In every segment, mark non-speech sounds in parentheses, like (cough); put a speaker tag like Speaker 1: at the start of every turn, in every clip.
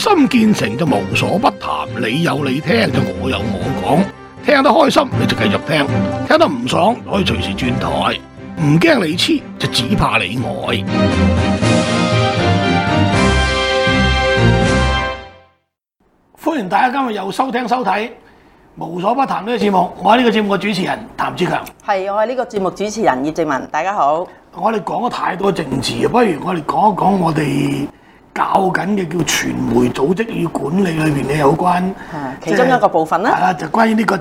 Speaker 1: 心建成就無所不談，你有你聽，就我有我講，聽得開心你就繼續聽，聽得唔爽可以隨時轉台，唔驚你黐就只怕你呆。歡迎大家今日又收聽收睇《無所不談》呢個節目，我係呢個節目嘅主持人譚志強，係我係呢個節目主持人
Speaker 2: 葉正文，大家好。我哋講咗
Speaker 1: 太多政治，不如我哋講一講我哋，教緊嘅叫傳媒組織與管理裏邊咧有關，其中一個部分咧、啊，係就關於呢個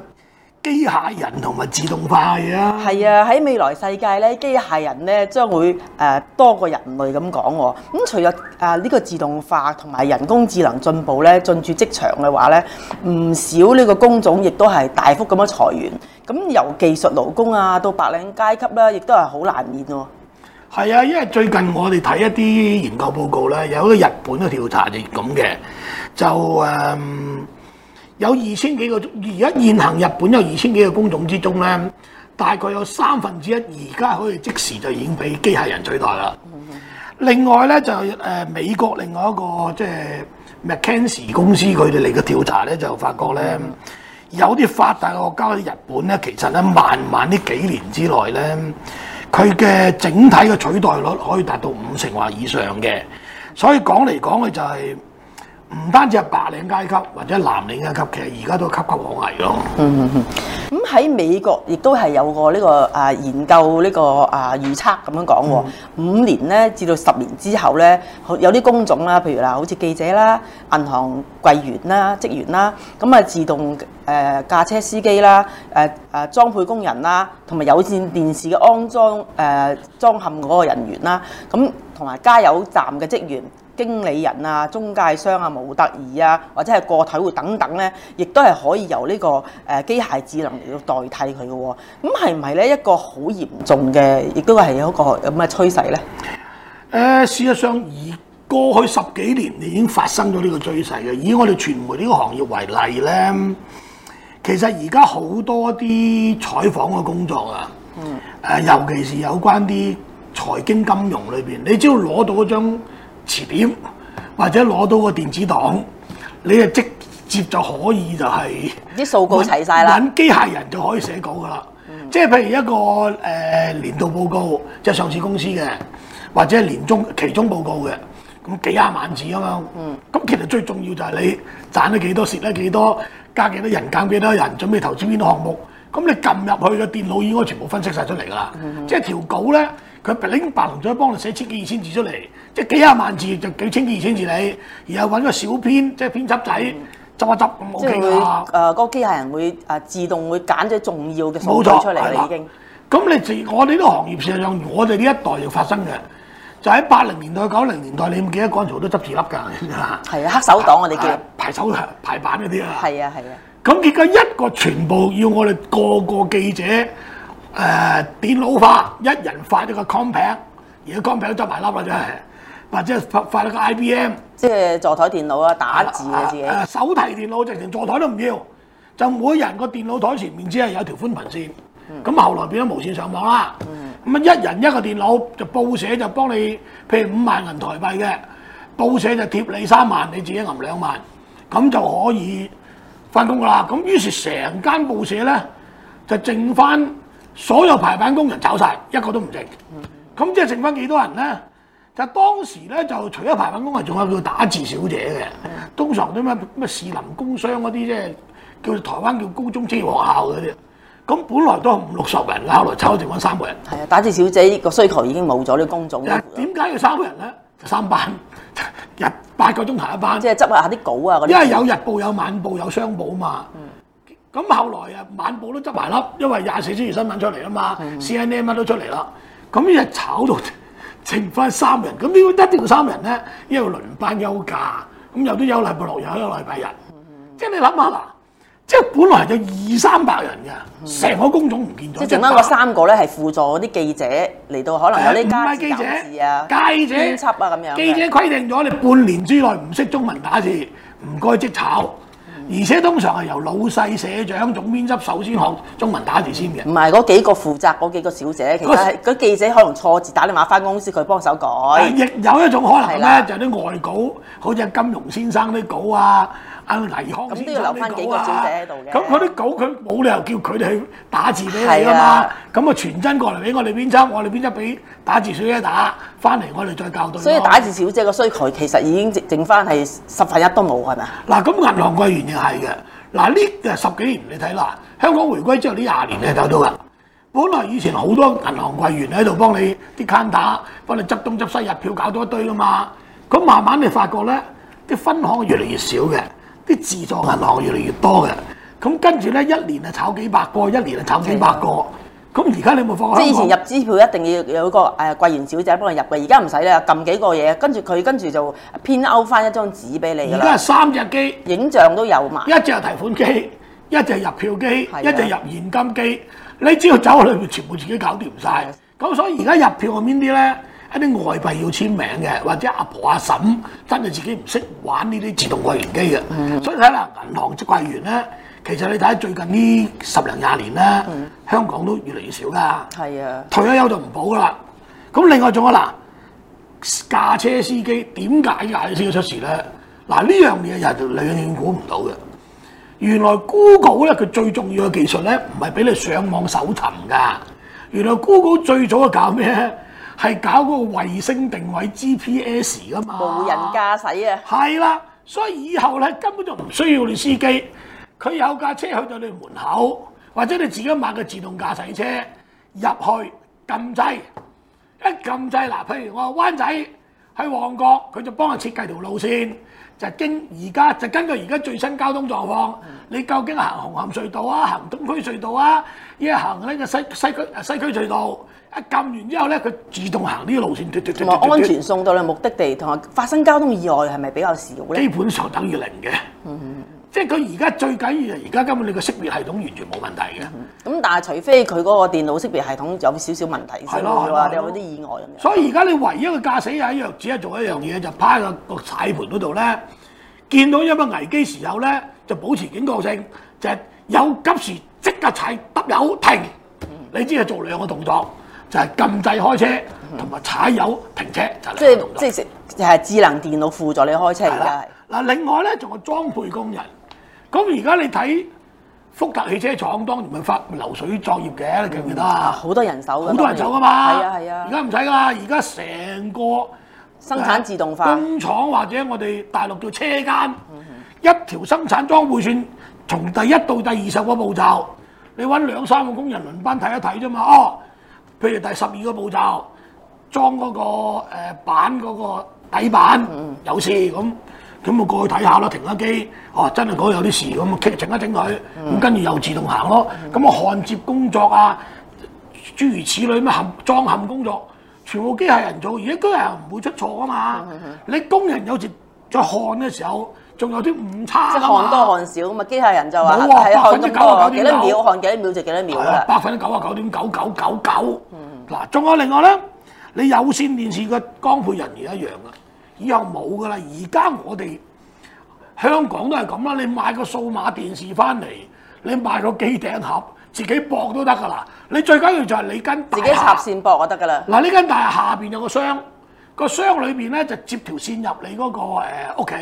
Speaker 1: 機械人同埋自動化係啊，係啊。
Speaker 2: 係啊，喺未來世界咧，機械人咧將會誒、呃、多過人類咁講。咁、哦、除咗啊呢個自動化同埋人工智能進步咧，進駐職場嘅話咧，唔少呢個工種亦都係大幅咁樣裁員。咁、嗯、由技術勞工啊到白領階級啦、啊，亦都係好難免喎、啊。係啊，因為
Speaker 1: 最近我哋睇一啲研究報告咧，有一個日本嘅調查就咁嘅，就誒、嗯、有二千幾個，而家現行日本有二千幾個工種之中咧，大概有三分之一而家可以即時就已經被機械人取代啦。另外咧就誒、呃、美國另外一個即係、就是、McKinsey 公司佢哋嚟嘅調查咧，就發覺咧有啲發達嘅國家，喺日本咧其實咧慢慢呢幾年之內咧。佢嘅整體嘅取代率可以達到五成或以上嘅，所以講嚟講去就係、是。唔單止係白領階級或者藍領階級，其實而家都岌岌可危咯。嗯，咁喺
Speaker 2: 美國亦都係有個呢個啊研究呢個啊預測咁樣講喎，五年咧至到十年之後咧，有啲工種啦，譬如嗱，好似記者啦、銀行櫃員啦、職員啦，咁啊自動誒駕車司機啦、誒誒裝配工人啦，同埋有線電視嘅安裝誒裝嵌嗰個人員啦，咁同埋加油站嘅職員。經理人啊、中介商啊、模特兒啊，或者係個體戶等等呢，亦都係可以由呢、這個誒機、呃、械智能嚟到代替佢嘅喎。咁係唔係咧一個好嚴重嘅，亦都係有一個咁嘅趨勢呢、
Speaker 1: 呃？事實上而過去十幾年已經發生咗呢個趨勢嘅。以我哋傳媒呢個行業為例呢，其實而家好多啲採訪嘅工作啊，誒、嗯呃，尤其是有關啲財經金、金融裏邊，你只要攞到嗰張詞典或者攞到個電子檔，你啊直接就可以就係啲數據齊曬啦，揾機械人就可以寫稿噶啦。即係譬如一個誒、呃、年度報告，即係上市公司嘅，或者係年中、期中報告嘅，咁幾廿萬字啊嘛。咁、嗯、其實最重要就係你賺咗幾多、蝕得幾多、加幾多人、減幾多人，準備投資邊個項目。咁你撳入去嘅電腦已經全部分析晒出嚟㗎啦。嗯嗯，即係條稿咧，佢拎白龍組幫你寫千幾二千字出嚟。即係幾廿萬字就幾千字、二千字你，然後揾個小編，即係編輯仔執一執，冇傾下。誒，
Speaker 2: 嗰個機械人會誒自動會揀咗重
Speaker 1: 要嘅數據出嚟啦，已經。咁你自我哋呢個行業事實上，我哋呢一代又發生嘅，就喺八零年代、九零年代，你唔記得幹嘈都執住粒㗎。係啊，黑手黨我哋叫排手排版嗰啲啊。係啊，係啊。咁結果一個全部要我哋個個記者誒電腦化，一人發一個 c o n p l a t 而家 c o n p l a t 都執埋粒啦真係。或者發發個 IBM，即係坐台電腦啊，打字嘅嘢。手提電腦直情坐台都唔要，就每人個電腦台前面只係有條寬頻線。咁、嗯、後來變咗無線上網啦。咁啊、嗯，一人一個電腦，就報社就幫你，譬如五萬銀台幣嘅報社就貼你三萬，你自己揞兩萬，咁就可以翻工啦。咁於是成間報社咧就剩翻所有排版工人走晒，一個都唔剩。咁即係剩翻幾多人咧？但當時咧就除咗排版工，啊仲有叫打字小姐嘅，嗯、通常啲咩咩士林工商嗰啲啫，叫台灣叫高中職業學校嗰啲，咁本來都五六十人，後來炒住揾三個人。係啊，打字小姐個需求已經冇咗啲工種。點解要三個人咧？三班日，八個鐘頭一班。即係執下啲稿啊啲。因為有日報、有晚報、有商報嘛。咁、嗯、後來啊，晚報都執埋粒，因為廿四小時新聞出嚟啊嘛，C N N 乜都出嚟啦，咁日炒到。剩翻三人，咁點解一定要三人咧？因為輪班休假，咁有啲有禮拜六，有啲禮拜日。嗯、即係你諗下啦，即係本來有二三百人嘅，
Speaker 2: 成、嗯、個工種唔見咗。即係剩翻嗰三個咧，係輔助啲記者嚟到，可能有啲街
Speaker 1: 紙啊、街紙編
Speaker 2: 輯啊咁樣。記者規
Speaker 1: 定咗，你半年之內唔識中文打字，唔該即炒。而且通常係由老細社長總編輯首先學、嗯、中文打字先嘅，唔
Speaker 2: 係嗰幾個負責嗰幾個小姐，其實係那記者可能錯字，打電話翻公司，佢
Speaker 1: 幫手改。亦有一種可能咧，的就係啲外稿，好似金庸先生啲稿啊。咁都要留返幾個小姐喺度嘅。咁嗰啲狗佢冇理由叫佢哋去打字俾佢是啊嘛。咁啊傳真過嚟俾我哋編輯，我哋編輯俾打字小姐打翻嚟，我哋再校對。所以打
Speaker 2: 字小姐個需求其實已經直剩翻係十分一都冇係咪？
Speaker 1: 嗱，咁銀行櫃員亦係嘅。嗱呢嘅十幾年你睇啦，香港回歸之後呢廿年你搞到㗎。本來以前好多銀行櫃員喺度幫你啲卡打，幫你執東執西，入票搞到一堆㗎嘛。咁慢慢你發覺咧，啲分行越嚟越少嘅。啲自助銀行越嚟越多嘅，咁跟住咧一年啊炒幾百個，一年啊炒幾百個，咁而家你有冇放？之前入
Speaker 2: 支票一定要有個誒櫃員小姐幫你入嘅，而家唔使啦，撳幾個嘢，跟住佢跟住就偏勾翻一張紙俾你。而家係三隻機，影像都有嘛，一隻係提款機，
Speaker 1: 一隻係入票機，的一隻入現金機，你只要走喺裏面全部自己搞掂晒。咁的所以而家入票係邊啲咧？一啲外幣要簽名嘅，或者阿婆阿嬸真係自己唔識玩呢啲自動櫃員機嘅，嗯、所以睇啦，銀行職櫃員咧，其實你睇最近呢十零廿年啦，嗯、香港都越嚟越少啦。係啊，退咗休就唔保㗎啦。咁另外仲有嗱，駕車司機點解駕車司機出事咧？嗱呢樣嘢又係你估唔到嘅。原來 Google 咧，佢最重要嘅技術咧，唔係俾你上網搜尋㗎。原來 Google 最早係搞咩？係搞嗰個衛星定位 GPS 㗎嘛，無人駕駛啊，係啦，所以以後咧根本就唔需要你司機，佢有架車去到你門口，或者你自己買個自動駕駛車入去㩒掣，一㩒掣嗱，譬如我話灣仔喺旺角，佢就幫我設計條路線。就經而家就根據而家最新交通狀況，嗯、你究竟行紅磡隧道啊，行東區隧道啊，依一行呢就西西區西區隧道一撳完之後咧，佢自動行呢個路線，同埋安全
Speaker 2: 送到你目的地，同埋發生交通意外係咪比較少咧？基本上等於零嘅。嗯嗯即係佢而家最緊要而家根本你個識別系統完全冇問題嘅。咁但係除非佢嗰個電腦識別系統有少少問題先會話你有啲意外咁樣。
Speaker 1: 所以而家你唯一嘅駕駛係一樣，只係做一樣嘢，就趴個踩盤嗰度咧，見到有乜危機時候咧，就保持警覺性，就係有急時即刻踩得油停。你只係做兩個動作，就係禁制開車同埋踩油停車就。
Speaker 2: 即係即係係智能電腦輔助你開車而
Speaker 1: 家。嗱，另外咧仲有裝配工人。咁而家你睇福特汽車廠，當年咪發流水作業嘅，你記唔記得？嗯、啊？好多人手，好多人手㗎嘛！係啊係啊！而家唔使㗎啦，而家成個生產自動化工廠或者我哋大陸叫車間，嗯嗯、一條生產裝配線，從第一到第二十個步驟，你揾兩三個工人輪班睇一睇啫嘛。哦，譬如第十二個步驟裝嗰個板嗰個底板有事咁。嗯嗯咁我過去睇下咯，停咗機，哦、啊、真係嗰度有啲事，咁我整一整佢，咁跟住又自動行咯。咁我焊接工作啊，諸如此類，咩裝嵌工作，全部機械人做，而家機械人唔會出錯噶嘛。嗯嗯、你工人有時在焊嘅時候，仲有啲誤差。即焊多焊少，咁啊機械人就話係焊咁多、嗯啊、九
Speaker 2: 九幾多秒，焊幾多
Speaker 1: 秒就幾多秒啦。百分之九啊九點九九九九。嗱、嗯，仲、嗯嗯嗯、有另外咧，你有線電視嘅光配人員一樣啦、啊。以後冇噶啦，而家我哋香港都係咁啦。你買個數碼電視翻嚟，你買個機頂盒，自己駁都得噶啦。你最緊要就係你跟自己插線駁就得噶啦。嗱，呢間大廈下邊有個箱，個箱裏邊咧就接條線入你嗰、嗰個屋企，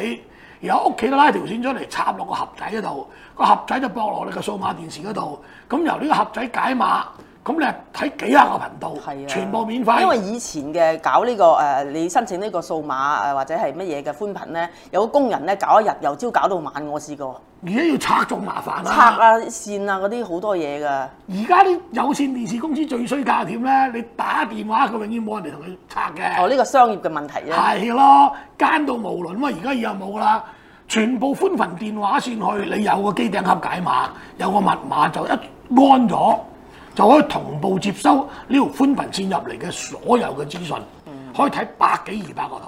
Speaker 1: 呃、然後屋企拉條線出嚟插落個盒仔嗰度，個盒仔就駁落你個數碼電視嗰度，咁由呢個盒仔解碼。咁你睇幾百個頻
Speaker 2: 道，係啊，全部
Speaker 1: 免費。因為以前嘅搞呢、
Speaker 2: 呢個誒、呃，你申請呢個數碼誒、呃、或者係乜嘢嘅寬頻咧，有個工人咧搞一日，由朝搞到晚，我試過。而家要拆仲
Speaker 1: 麻煩啦、啊，
Speaker 2: 拆啊線啊嗰啲好多嘢㗎。而
Speaker 1: 家啲有線電視公司最衰間諜咧，你打電話佢永遠冇人嚟同你拆嘅。哦，呢、呢個商業嘅問題啫。係咯，奸到無倫，咁而家又冇啦，全部寬頻電話線去，你有個機頂盒解碼，有個密碼就一安咗。就可以同步接收呢條寬頻線入嚟嘅所有嘅資訊，嗯、可以睇百幾二百個台。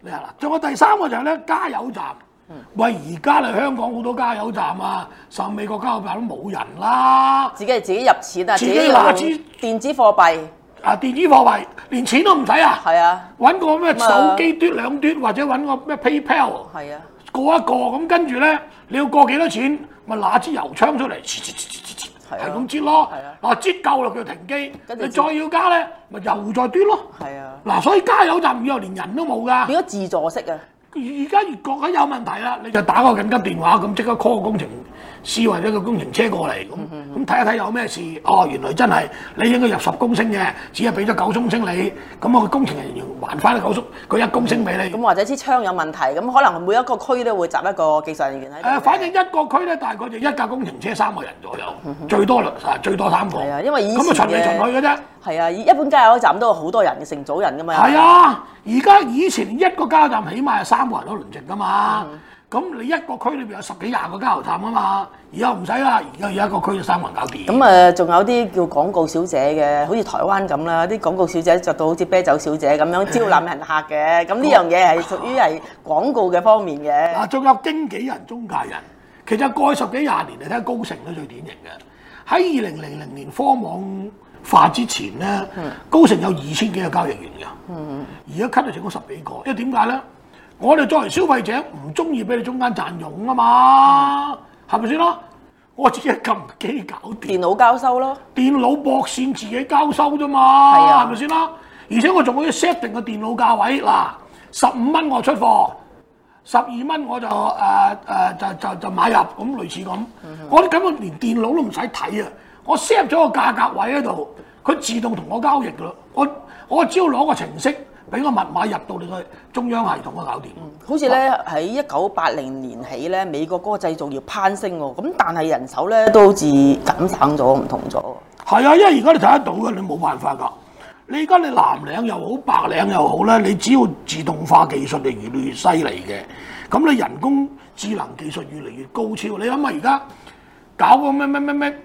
Speaker 1: 你話啦，仲有第三個就係咧，加油站。嗯、喂，而家喺香港好多加油站啊，甚至美國加油站都冇人啦、啊。自己係自己入錢啊，自己拿支電子貨幣,子貨幣啊，電子貨幣連錢都唔使啊。係啊，揾個咩手機端兩端或者揾個咩 PayPal。係啊，過一個咁跟住咧，你要過幾多錢？咪攞支油槍出嚟。嘶嘶嘶嘶嘶提供、就是、擠咯、啊，嗱、啊、擠夠啦，佢停機，你再要加咧，咪又再端咯。係啊，嗱、啊，所以加油站以後連人都冇㗎。變咗自助式嘅。而家越覺得有問題啦，你就打個緊急電話，咁即刻 call 個工程。視為一個工程車過嚟咁，咁睇一睇有咩事哦，原來真係你應該入十公升嘅，只係俾咗九公升你，咁我個工程人員還翻啲九叔佢一公升俾你。咁或者支槍有問題，咁可能每一個區都會集一個技術人員喺度、嗯。誒，反正一個區咧，大概就一架工程車三個人左右，
Speaker 2: 嗯、哼最多最多三個。係啊，因為以前巡嚟巡去嘅啫。係啊，一般加油站都有好多人嘅成組人㗎嘛。係的啊，
Speaker 1: 而家以前一個加油站起碼係三個人都輪值㗎嘛。嗯。咁你一個區裏邊有十幾廿個加油站啊嘛，而家唔使啦，而家有家一個區就三環搞掂。咁誒、嗯，
Speaker 2: 仲有啲叫廣告小姐嘅，好似台灣咁啦，啲廣告小姐着到好似啤酒小姐咁樣、哎、招攬人客嘅，咁呢樣嘢係屬於係廣告嘅方面嘅。嗱、哎，仲有經紀
Speaker 1: 人、中介人，其實過去十幾廿年嚟睇，高盛都最典型嘅。喺二零零零年科網化之前咧，嗯、高盛有二千幾個交易員嘅，嗯、而家 cut 到總共十幾個，因為點解咧？我哋作為消費者唔中意俾你中間賺傭啊嘛，係咪先咯？我自己撳機搞掂，電腦交收咯，電腦駁線自己交收啫嘛，係啊，係咪先啦？而且我仲可以 set 定個電腦價位嗱，十五蚊我出貨，十二蚊我就誒誒、呃呃、就就就買入，咁類似咁、嗯。我哋根本連電腦都唔使睇啊！我 set 咗個價格位喺度，佢自動同我交易㗎啦。我我只要攞個程式。俾個密碼入到你個中央系統嘅，搞掂。嗯，
Speaker 2: 好似咧喺一九八零年起咧，美國嗰個製造業攀升喎，咁但係人手咧都好似減省咗，唔同咗。
Speaker 1: 係啊，因為而家你睇得到嘅，你冇辦法㗎。你而家你藍領又好，白領又好咧，你只要自動化技術就越嚟越犀利嘅。咁你人工智能技術越嚟越高超，你諗下而家搞個咩咩咩咩？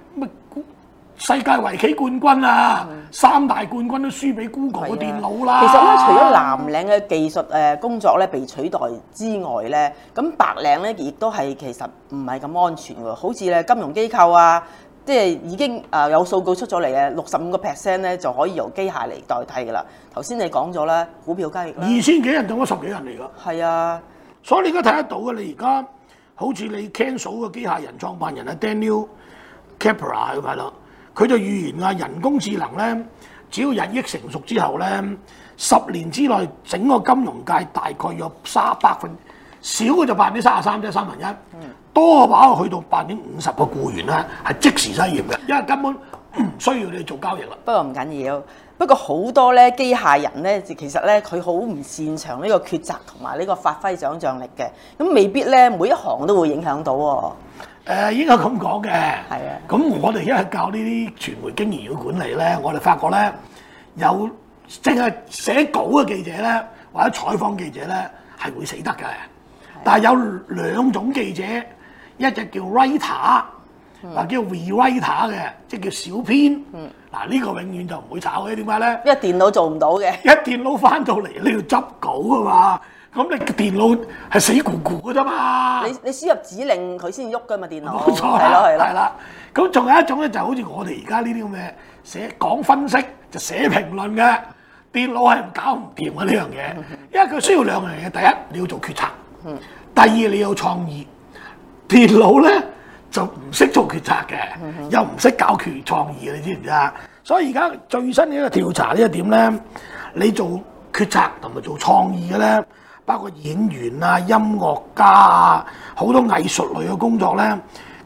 Speaker 1: 世界圍棋冠軍啊，的三大冠軍都輸俾 Google 嘅電腦啦、啊。其實咧，除咗藍
Speaker 2: 領嘅技術誒工作咧被取代之外咧，咁白領咧亦都係其實唔係咁安全喎。好似咧金融機構啊，即係已經啊有數據出咗嚟嘅，六十五個 percent 咧就可以由機械嚟代替㗎啦。頭先你講咗咧，
Speaker 1: 股票交易二千幾人到咗十幾人嚟㗎。係啊的，所以你而家睇得到啊！你而家好似你 Cancel 嘅機械人創辦人啊 Daniel Capra 係咪咯？佢就預言啊，人工智能咧，只要日益成熟之後咧，十年之內整個金融界大概有三百分，少嘅就百分之三十三即係三分一，多嘅話去到百分之五十嘅雇員咧係即時失業嘅，因為根本
Speaker 2: 唔需要你做交易啦。不過唔緊要，不過好多咧機械人咧，其實咧佢好唔擅長呢個決策同埋呢個發揮想像力嘅，咁未必咧每一行
Speaker 1: 都會影響到喎。誒、呃、應該咁講嘅，咁、嗯、我哋因為教呢啲傳媒經營嘅管理咧，我哋發覺咧有即係寫稿嘅記者咧，或者採訪記者咧係會死得嘅。的但係有兩種記者，一隻叫 writer，嗱、嗯、叫 rewriter 嘅，即係叫小編。嗱呢、嗯、個永遠就唔會炒嘅，點解咧？因為電腦做唔到嘅。 (laughs) 一電腦翻到嚟，你要執稿㗎嘛。咁你電腦係死咕咕㗎啫嘛！你你
Speaker 2: 輸入指令佢先喐㗎嘛，電腦，冇錯係咯，係啦
Speaker 1: 了。咁仲了有一種咧，就好似我哋而家呢啲咁嘅寫講分析就寫評論嘅，電腦係唔搞唔掂啊呢樣嘢，因為佢需要兩樣嘢。第一你要做決策，第二你有創意。電腦咧就唔識做決策嘅，又唔識搞決創意，你知唔知啊？所以而家最新嘅一個調查呢一點咧，你做決策同埋做創意嘅咧。包括演員啦、音樂家啊，好多藝術類嘅工作咧，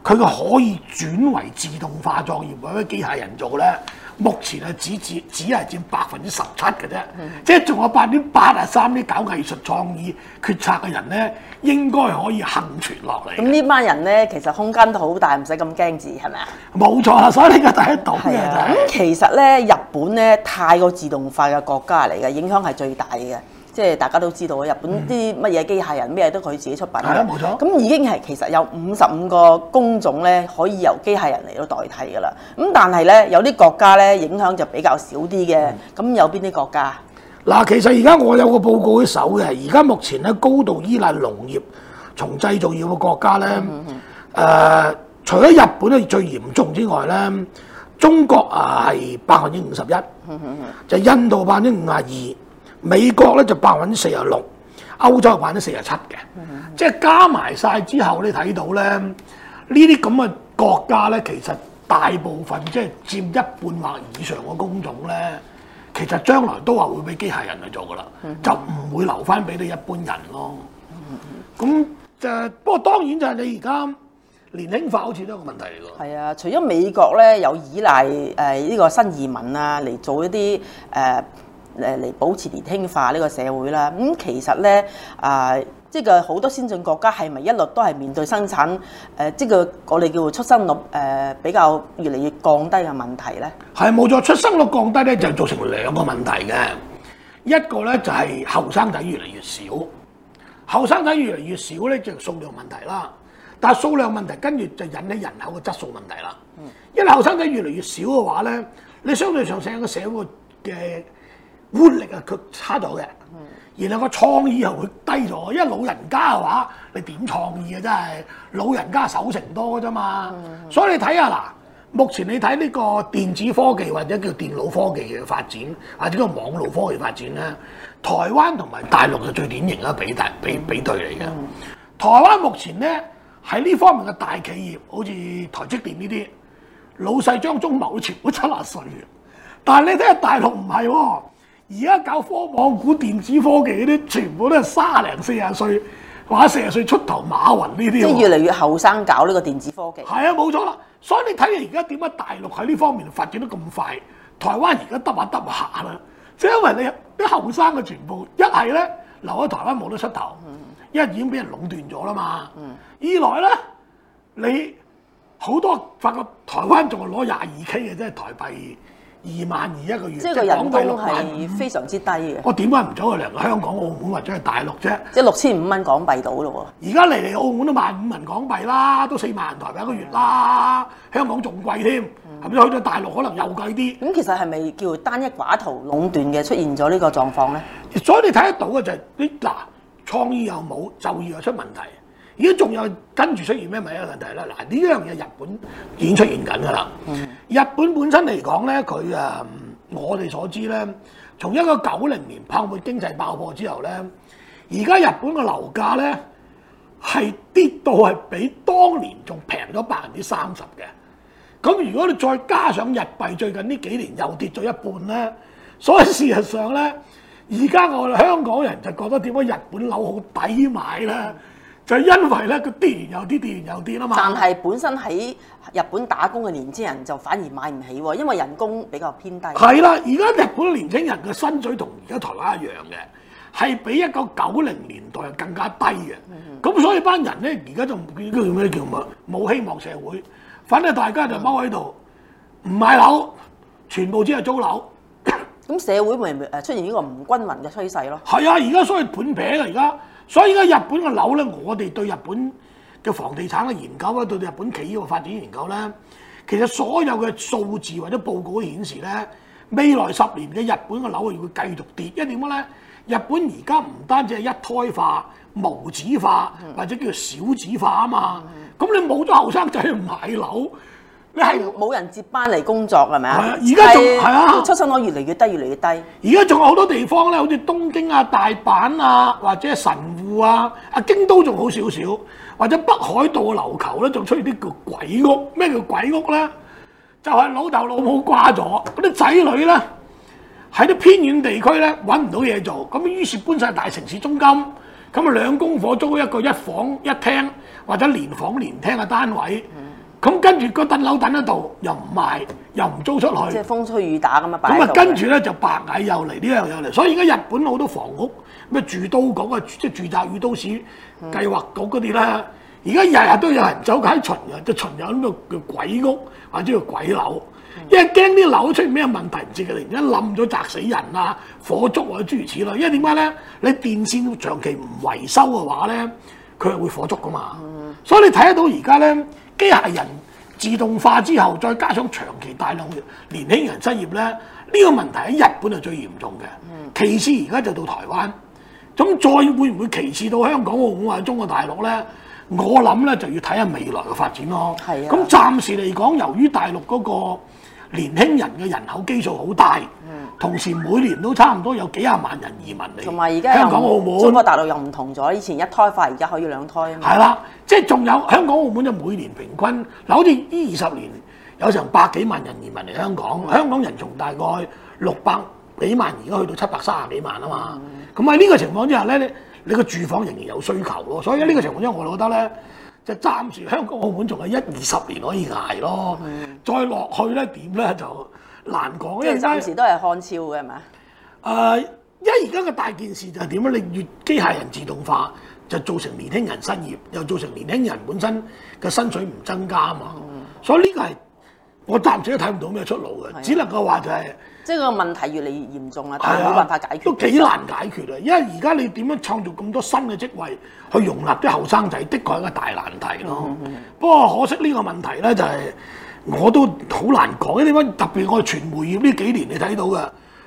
Speaker 1: 佢個可以轉為自動化作業或者機械人做咧。目前啊，只佔只係佔百分之十七嘅啫，嗯、即係仲有百分之八十三啲搞藝術創意決策嘅人咧，應該可以幸存落嚟。咁
Speaker 2: 呢班人咧，其實空間都好大，唔使咁驚字，係咪啊？
Speaker 1: 冇錯啊，所以呢個第一度
Speaker 2: 嘅。咁其實咧，日本咧，太過自動化嘅國家嚟嘅，影響係最大嘅。即係大家都知道日本啲乜嘢機械人咩、嗯、都佢自己出品，係啊冇錯。咁已經係其實有五十五個工種咧，可以由機械人嚟到代替㗎啦。咁但係咧，有啲國家咧影響就比較少啲嘅。咁、嗯、有邊啲國家？
Speaker 1: 嗱，其實而家我有個報告喺手嘅，而家目前咧高度依賴農業從製造業嘅國家咧，誒、嗯嗯嗯呃，除咗日本咧最嚴重之外咧，中國啊係百分之五十一，就印度百分之五十二。嗯嗯嗯美國咧就百分之四十六，歐洲係百分之四十七嘅，嗯嗯、即係加埋晒之後你睇到咧呢啲咁嘅國家咧，其實大部分即係、就是、佔一半或以上嘅工種咧，其實將來都話會俾機械人去做噶啦，嗯嗯、就唔會留翻俾你一般人咯。咁、嗯嗯嗯、就不過當然就係你而家年輕化好似都係一個問題嚟㗎。
Speaker 2: 係啊，除咗美國咧有依賴誒呢、呃呢個新移民啊嚟做一啲誒。呃誒嚟保持年輕化呢個社會啦，咁、嗯、其實咧啊、呃，即係好多先進國家係咪一路都係面對生產誒、呃，即係我哋叫出生率誒、呃、比較越嚟越降低嘅問
Speaker 1: 題咧？係冇錯，出生率降低咧就造成兩個問題嘅，一個咧就係後生仔越嚟越少，後生仔越嚟越少咧就係數量問題啦。但係數量問題跟住就引起人口嘅質素問題啦。因為後生仔越嚟越少嘅話咧，你相對上成個社會嘅活力係，佢差咗嘅，而兩個創意又會低咗，因為老人家嘅話，你點創意啊？真係老人家守成多啫嘛。嗯嗯、所以你睇下嗱，目前你睇呢個電子科技或者叫電腦科技嘅發展，或者個網絡科技發展咧，台灣同埋大陸嘅最典型嘅比大比比對嚟嘅。嗯嗯、台灣目前咧喺呢方面嘅大企業，好似台積電呢啲，老細張忠謀朝都七啊歲，但係你睇下大陸唔係喎。而家搞科網股電子科技嗰啲，全部都係三十零四十歲，或者四十歲出頭馬，馬雲呢啲喎。即係越嚟越後生搞呢個電子科技。係啊，冇錯啦。所以你睇下而家點解大陸喺呢方面發展得咁快？台灣而家得下得下啦，即係因為你啲後生嘅全部一係咧留喺台灣冇得出頭，一係、嗯、已經俾人壟斷咗啦嘛。嗯、二來咧，你好多發覺台灣仲係攞廿二 K 嘅，即係台幣。二萬二一個月，即係個人工係非常之低嘅。我點解唔走
Speaker 2: 去嚟香港、澳門或者係大陸啫？即係六千五蚊港幣到咯喎！而家嚟嚟澳
Speaker 1: 門都萬五蚊港幣啦，都四萬台幣一個月啦，嗯、香港仲貴添，係咪、嗯、去到大陸可能又貴啲？咁、嗯、其實係咪叫單一寡頭
Speaker 2: 壟斷嘅出現咗呢個狀況咧？所
Speaker 1: 以你睇得到嘅就係、是、嗱，創意又冇，就業又出問題。如果仲有跟住出現咩咪一個問題啦！嗱，呢一樣嘢日本已經出現緊㗎啦。日本本身嚟講咧，佢誒、嗯、我哋所知咧，從一九九零年泡沫經濟爆破之後咧，而家日本嘅樓價咧係跌到係比當年仲平咗百分之三十嘅。咁如果你再加上日幣最近呢幾年又跌咗一半咧，所以事實上咧，而家我哋香港人就覺得點解日本樓好抵買咧？就因為咧，佢必然
Speaker 2: 有啲，必然有啲啊嘛。但係本身喺日本打工嘅年青人就反而買唔起喎，因為人工比較偏低。係啦，
Speaker 1: 而家日本年青人嘅薪水同而家台灣一樣嘅，係比一九九零年代更加低嘅。咁、嗯嗯、所以班人咧，而家就唔知叫咩叫乜，冇希望社會。反正大家就踎喺度，唔買樓，全部只係租樓。咁 (laughs) 社會咪誒出現呢個唔均勻嘅趨勢咯？係啊，而家所以盤平啊，而家。所以咧，日本嘅樓咧，我哋對日本嘅房地產嘅研究啊，對日本企業嘅發展研究咧，其實所有嘅數字或者報告顯示咧，未來十年嘅日本嘅樓係會繼續跌，因為點樣咧？日本而家唔單止係一胎化、無子化或者叫做少子化啊嘛，咁你冇咗後生仔去買樓。你係冇人接班嚟工作
Speaker 2: 係咪啊？而家仲係啊，
Speaker 1: 出生率越嚟越低，越嚟越低。而家仲有好多地方咧，好似東京啊、大阪啊，或者神戶啊、啊京都仲好少少，或者北海道、琉球咧，仲出現啲叫鬼屋。咩叫鬼屋咧？就係、係、老豆老母掛咗，嗰啲仔女咧喺啲偏遠地區咧揾唔到嘢做，咁於是搬晒大城市中心，咁啊兩公婆租一個一房一廳或者連房連廳嘅單位。咁跟住個揼樓等得度，又唔賣，又唔租出去。即係
Speaker 2: 風吹雨打咁樣擺喺度。咁啊，跟住咧就
Speaker 1: 白蟻又嚟，呢樣又嚟。所以而家日本好多房屋，咩住都講即係住宅與都市計劃局嗰啲啦。而家日日都有人走街巡嘅，就巡有啲咩叫鬼屋，或者叫鬼樓，嗯、因為驚啲樓出咩問題唔知佢，一冧咗砸死人啦，火燭或者諸如此類。因為點解咧？你電線長期唔維修嘅話咧，佢係會火燭噶嘛。嗯、所以你睇得到而家咧。機械人自動化之後，再加上長期大量年輕人失業咧，呢、這個問題喺日本係最嚴重嘅。其次而家就到台灣，咁再會唔會其次到香港喎？我話中國大陸咧，我諗咧就要睇下未來嘅發展咯。咁暫是、啊、時嚟講，由於大陸嗰個年輕人嘅人口基數好大。同時每年都差唔多有幾廿萬人移民嚟，香港、澳門、中國大
Speaker 2: 陸又唔同咗。以前一胎化，而家可以兩胎啊嘛。係啦，即係仲有
Speaker 1: 香港、澳門就每年平均，嗱好似呢二十年有成百幾萬人移民嚟香港。嗯、香港人從大概六百幾萬而家去到七百三十幾萬啊嘛。咁喺呢個情況之下咧，你你個住房仍然有需求咯。所以喺呢個情況之下，我覺得咧，就暫時香港、澳門仲係一二十年可以捱咯。嗯、再落去咧點咧就～難講，嗯、因為暫時都
Speaker 2: 係看超嘅係嘛？
Speaker 1: 誒，因為而家嘅大件事就係點樣？你越機械人自動化，就造成年輕人失業，又造成年輕人本身嘅薪水唔增加啊嘛。嗯、所以呢個係我暫時都睇唔到咩出路嘅，的只能夠話就係、是、即係個問題越嚟越嚴重啦，但係冇辦法解決都幾的難解決啊！因為而家你點樣創造咁多新嘅職位去容納啲後生仔，的確係一個大難題咯。嗯嗯、不過可惜呢個問題咧就係、是。我都好難講嘅地方，特別我哋傳媒業呢幾年你睇到嘅，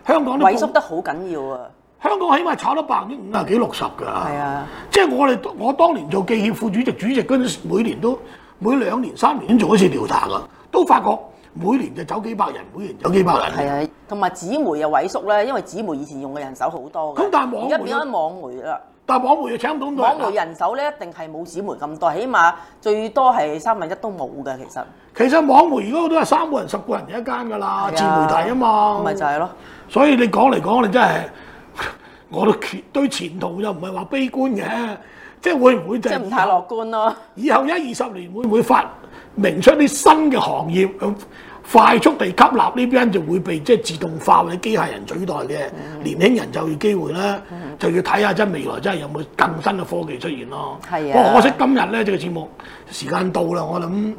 Speaker 1: 香港都萎縮得好緊要啊！香港起碼炒到百分之五十幾六十嘅，係啊！即係我哋我當年做記協副主席、主席嗰陣，每年都每兩年、三年做一次調查嘅，都發覺每年就走幾百人，每年走幾百人。係
Speaker 2: 啊，同埋紙媒又萎縮咧，因為紙媒以前用嘅人手好多咁嘅，而家變咗網媒啦。但網媒又請唔到，網媒人手咧一定係冇紙媒咁多，起碼最多係三分一都冇嘅。其實
Speaker 1: 其實網媒如果都係三個人、十個人一間㗎啦，自、啊、媒體啊嘛，咪就係咯。所以你講嚟講，你真係我都前對前途又唔係話悲觀嘅，即係會唔會即係唔太樂觀咯？以後一二十年會唔會發明出啲新嘅行業咁？快速地吸納呢邊就會被即係、就是、自動化或者機械人取代嘅、嗯、年輕人就業機會啦。嗯、就要睇下真未來真係有冇更新嘅科技出現咯。
Speaker 2: 不過、啊、可惜
Speaker 1: 今日咧，呢、呢個節目時間到啦，我諗。嗯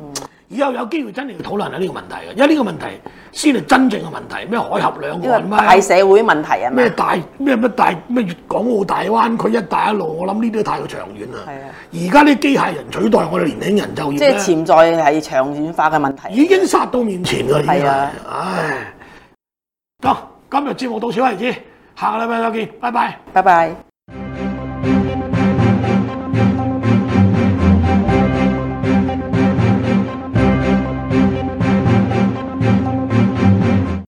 Speaker 1: 以後有機會真係要討論下呢個問題嘅，因為呢個問題先係真正嘅問題，咩海峽兩岸咩大社會問題啊嘛，咩大咩咩大咩粵港澳大灣區一帶一路，我諗呢啲都太過長遠啦。係啊的，而家啲機械人取代我哋
Speaker 2: 年輕人就業咧，即係潛在係長遠化嘅問題。已經殺到面前㗎，係啊，唉，
Speaker 1: 得，今日節目到此為止，下個禮拜再見，拜拜，拜拜。